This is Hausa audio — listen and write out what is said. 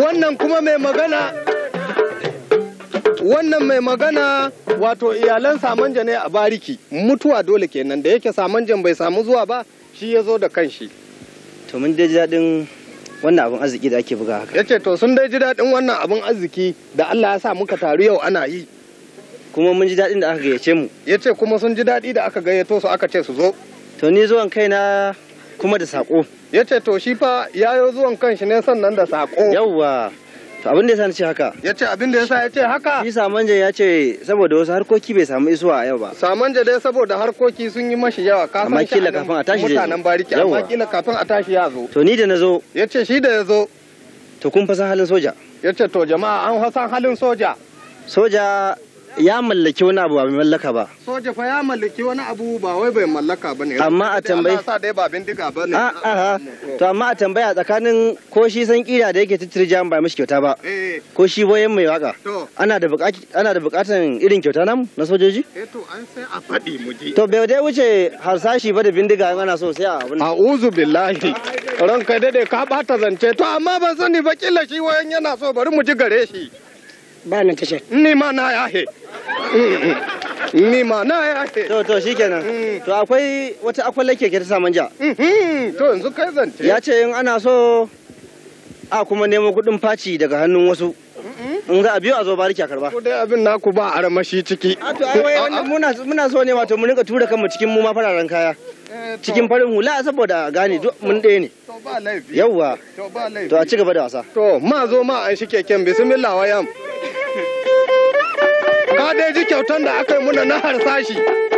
wannan kuma mai magana wannan mai magana wato iyalan samanja ne a bariki mutuwa dole kenan da yake samanjan bai samu zuwa ba shi ya zo da kanshi to mun dai ji daɗin wannan abin arziki da ake buga haka yace to sun dai ji daɗin wannan abin arziki da Allah ya sa muka taru yau ana yi kuma mun ji daɗin da aka gayyace mu yace kuma sun ji daɗi da aka gayyato su aka ce su zo to ni zuwan kaina kuma da sako ya ce to shi fa ya yi zuwan kanshi ne sannan da sako yawwa to abin da ya sa ce haka ya ce abin da ya sa ya ce haka shi samanje ya ce saboda wasu harkoki bai samu isuwa a yau ba Samanje dai saboda harkoki sun yi mashi yawa ka san shi kafin a tashi mutanen bariki amma kila kafin a tashi ya zo to ni da nazo. ya ce shi da ya zo to kun san halin soja ya ce to jama'a an fasa halin soja soja ya mallaki wani abu ba bai mallaka ba soja fa ya mallaki wani abu ba wai bai mallaka ba ne amma a tambayi sa dai ba bindiga ba ne a'a ah, to amma a tambaya tsakanin ko shi san kira da yake titiri jam ba mishi kyauta ba eh. ko shi boyen mai waka ana da bukati ana da bukatan irin kyauta nan na sojoji eh to an sai a faɗi mu je to bai dai wuce harsashi ba da bindiga in ana so sai a abin a'udhu billahi ranka dade ka bata zance to amma ban sani ba kila shi wayan yana so bari mu ji gare shi ba ni kashe ni ma na he mm-hmm. ni ma na ya he to to shikenan mm. to akwai wata akwalake ke ta sa manja mm-hmm. to yanzu kai zance ya ce in ana so a kuma nemo kudin faci daga hannun wasu mm-hmm. in ga a a zo bariki a karba. Ko dai abin naku ba a ramashi ciki. A to ai muna muna so ne wato mu rinka tura kanmu cikin mu ma fararen kaya. Eh, cikin farin hula saboda gane duk mun ɗaya ne. To ba laifi. yauwa To ba laifi. To a ci gaba da wasa. To ma zo ma an shi keken bismillah wayam. ma dai ji kyautan da aka yi muna na harsashi